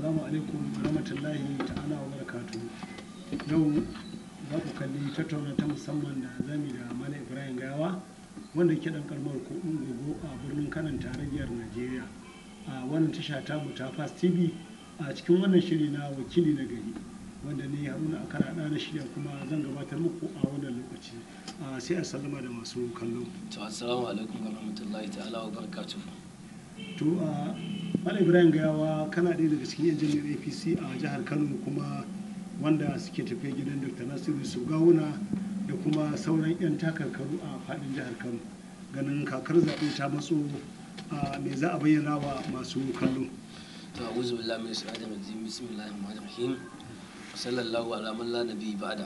assalamu alaikum warahmatullahi ta'ala wa barakatu yau za ku kalli tattauna ta musamman da zami da mana ibrahim gawa wanda ke dan kalmar kudin a birnin kanan tarayyar najeriya a wannan tasha ta mu ta fast tv a cikin wannan shiri na wakili na gari wanda ne haruna a karaɗa na shirya kuma zan gabatar muku a wannan lokaci sai a sallama da masu kallo to assalamu alaikum warahmatullahi ta'ala wa barakatuh to Malam Ibrahim Gayawa kana ɗaya daga cikin injiniyar APC a jihar Kano kuma wanda suke tafiya gidan Dr. Nasiru Sugawuna da kuma sauran 'yan takarkaru a faɗin jihar Kano. Ganin kakar zaɓe ta matso me za a bayyana wa masu kallo. To a'udhu billahi minash shaitanir rajim. Bismillahir rahmanir rahim. Sallallahu ala ba'da.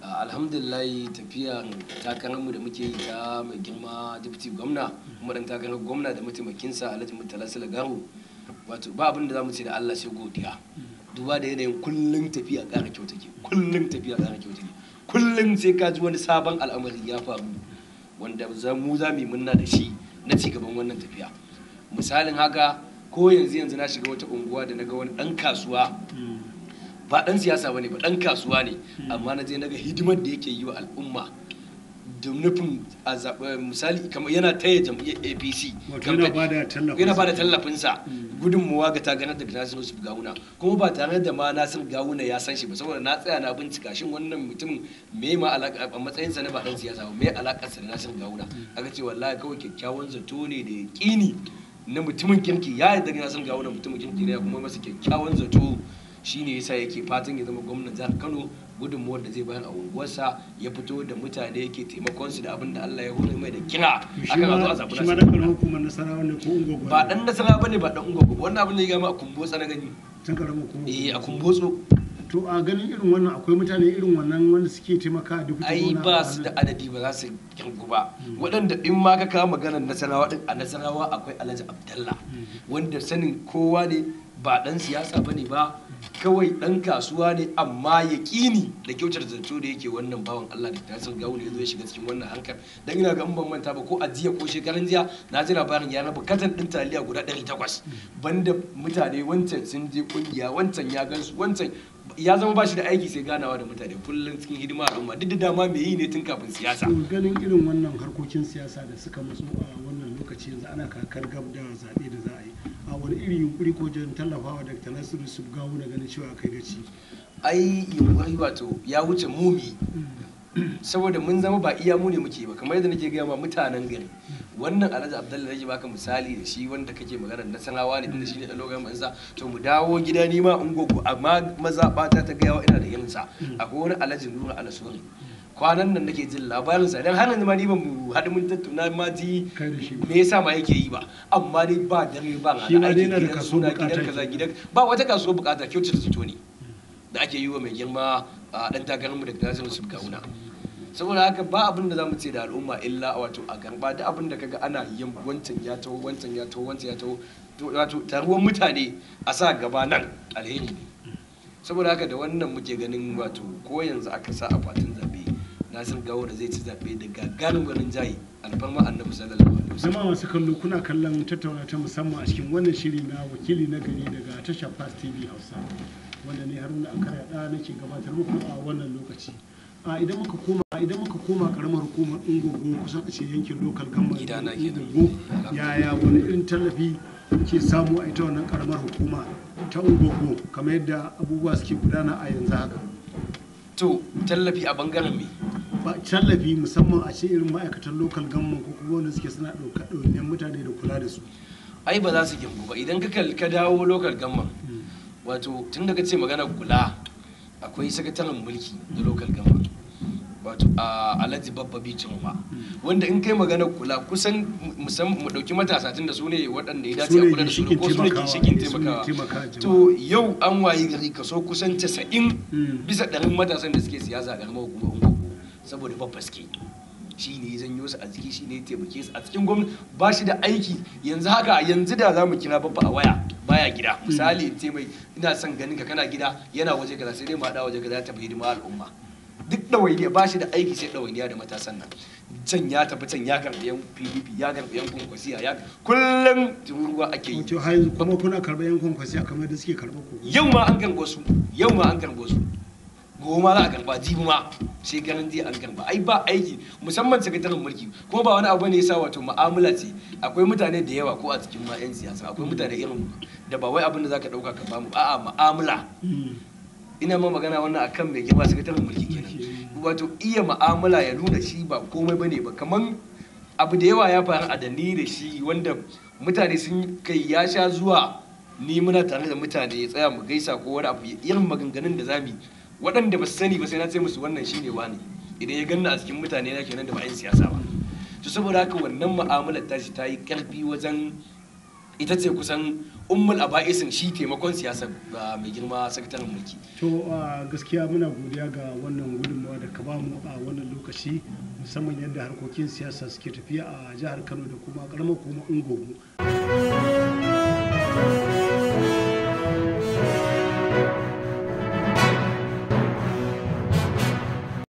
alhamdulillahi tafiyan mu da muke yi ta mai girma deputy gwamna kuma dan takarar gwamna da mataimakinsa alhaji murtala silagaru wato ba abin da za mu ce da allah sai godiya duba da yanayin kullum tafiya ƙara kyau take kullum tafiya ƙara kyau take kullum sai ka ji wani sabon al'amari ya faru wanda mu za mu minna da shi na cigaban wannan tafiya misalin haka ko yanzu yanzu na shiga wata unguwa da na ga wani dan kasuwa ba dan siyasa bane ba dan kasuwa ne amma na je naga hidimar da yake yi wa al'umma da nufin misali kamar yana taya jam'iyyar apc yana ba da tallafinsa gudunmuwa ga ganar da su yusuf gawuna kuma ba tare da ma nasir gawuna ya san shi ba saboda na tsaya na bincika shin wannan mutum me ma a matsayin sa na ba dan siyasa ba me sa na san gawuna aka ce wallahi kawai kyakkyawan zato ne da yaƙini na mutumin kirki ya yarda da san gawuna mutumin kirki ne kuma masa kyakkyawan zato shine yasa yake fatan ya zama gwamnan jihar Kano gudunmuwar da zai bayar a unguwarsa ya fito da mutane yake taimakon su da abin da Allah ya hore mai da kira aka ga zuwa zabu na hukumar ko ungogo ba dan nasarawa bane ba dan ungogo wannan abin da ya ga a kumbotsa na gani tun karamin kuma eh a kumbotso to a ganin irin wannan akwai mutane irin wannan wanda suke taimaka a duk ai ba su da adadi ba za su kirgu ba hmm. waɗanda in ma ka kawo maganar nasarawa din a nasarawa akwai alhaji abdallah hmm. wanda sanin kowa ne ba dan siyasa bane ba kawai ɗan kasuwa ne amma ya ƙini da kyautar zato da yake wannan bawan Allah da tasir gawul ya zo ya shiga cikin wannan hankal dan ina ga ban manta ba ko a jiya ko shekaran jiya na ji labarin ya raba katan ɗin taliya guda 800 banda mutane wancan sun je kungiya wancan ya gansu wancan ya zama ba shi da aiki sai ganawa da mutane kullum cikin hidima al'umma duk da dama me yi ne tun kafin siyasa ganin irin wannan harkokin siyasa da suka matsu a wannan lokaci yanzu ana kakar gab da zaɓe da za a yi a wani irin yunkuri ko jan tallafawa da nasiru su gawo na ganin cewa kai da ai wato ya wuce mumi saboda mun zama ba iya mu ne muke ba kamar yadda nake gaya ma mutanen gari wannan alhaji abdullahi nake baka misali da shi wanda kake magana na sanawa ne da shi ne dalogan mansa to mu dawo gida ni ma in amma mazaɓa ta gaya wa ina da yansa akwai wani alhaji nura alasuri kwanan nan nake jin labarin sa dan yanzu ma ni ban mu hadu mun tattauna ma ji me yasa ma yake yi ba amma dai ba dare ba na aiki gidan suna gidan kaza gidan ba wata kaso bukata kyautar zato ne da ake yi wa mai girma a ɗan takararmu daga nasarar su kauna saboda haka ba abin da zamu ce da al'umma illa wato a garba da abin da kaga ana yin wancan ya taho wancan ya taho wancan ya taho wato taruwan mutane a sa gaba nan alheri ne saboda haka da wannan muke ganin wato ko yanzu aka sa akwatin zabe Na san gawo da zai ci zaɓe da gagarin gwanin jayi alfarma annabi sallallahu alaihi wasallam jama'a masu kallo kuna kallon tattauna ta musamman a cikin wannan shiri na wakili na gari daga Tasha fast tv hausa wanda ne haruna akara da nake gabatar muku a wannan lokaci a idan muka koma idan muka koma karamar hukumar ungogo kusan a ce yankin local government gidana ungogo yaya wani irin tallafi ke samu a ita wannan karamar hukuma ta ungogo kamar yadda abubuwa suke gudana a yanzu haka to tallafi a bangaren me tallafi musamman a ce irin ma'aikatan lokal government ko kuma wanda suke suna ɗauka ɗauniyar mutane da kula da su ai ba za su gimbu ba idan ka dawo lokal government wato tun daga ce magana kula akwai sakataren mulki da lokal government wato a alhaji babba bicin ba wanda in kai magana kula kusan mu dauki matasa tun da su ne waɗanda ya dace a kula da su ko su ne ginshikin taimakawa to yau an wayi gari kaso kusan 90 hmm. bisa ɗarin matasan da suke siyasa a ƙaramar hukumar saboda babbaske shi ne yi su a jiki shi ne taimake su a cikin gwamnati ba shi da aiki yanzu haka yanzu da za mu kira babba a waya baya gida hmm. misali ce mai ina son ganin ka kana gida yana waje kaza sai dai mu da waje kaza ta bai hidima al'umma duk ɗawainiya ba shi da aiki sai ɗawainiya da matasan nan can ya tafi can ya karɓi yan pdp ya karɓi yan kwankwasiya ya kullum tururuwa ake yi. kuma kuna karɓi yan kwankwasiya kamar da suke karɓar ku. yau ma an karɓo su yau ma an karɓo su. goma za a karba jibi ma sai ganin jiya an karba ai ba aiki musamman sakataren mulki kuma ba wani abu ne yasa wato mu'amala ce akwai mutane da yawa ko a cikin ma yan siyasa akwai mutane irin da ba wai abin da zaka dauka ka bamu a'a mu'amala hmm. ina ma magana wannan akan mai girma sakataren mulki kenan wato iya mu'amala ya nuna shi ba komai bane ba kaman abu da yawa ya faru a dani da shi wanda mutane sun kai ya sha zuwa ni muna tare da mutane ya tsaya mu gaisa ko wani abu irin maganganun da zamu yi waɗanda ba su sani ba sai na ce musu wannan shi ne wani idan ya ganna a cikin mutane na kenan da ba yin siyasa ba to saboda haka wannan mu'amalar shi ta yi karfi wajen ita ce kusan ummul aba'isin shi taimakon siyasa ga mai girma sakataren mulki to gaskiya muna godiya ga wannan gudunmawa da ka bamu a wannan lokaci musamman yadda harkokin siyasa suke tafiya a jihar kano da kuma karamar kuma ungomu